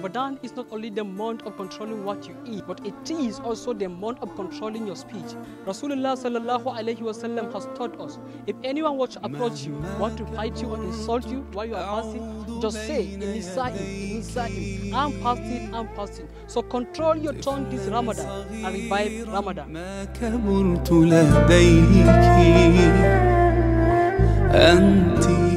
Ramadan is not only the month of controlling what you eat, but it is also the month of controlling your speech. Rasulullah sallallahu alayhi wasallam has taught us, if anyone wants to approach you, want to fight you or insult you while you are fasting, just say, Inisa'im, Inisa'im, I'm fasting, I'm fasting. So control your tongue this Ramadan and revive Ramadan. أنتِ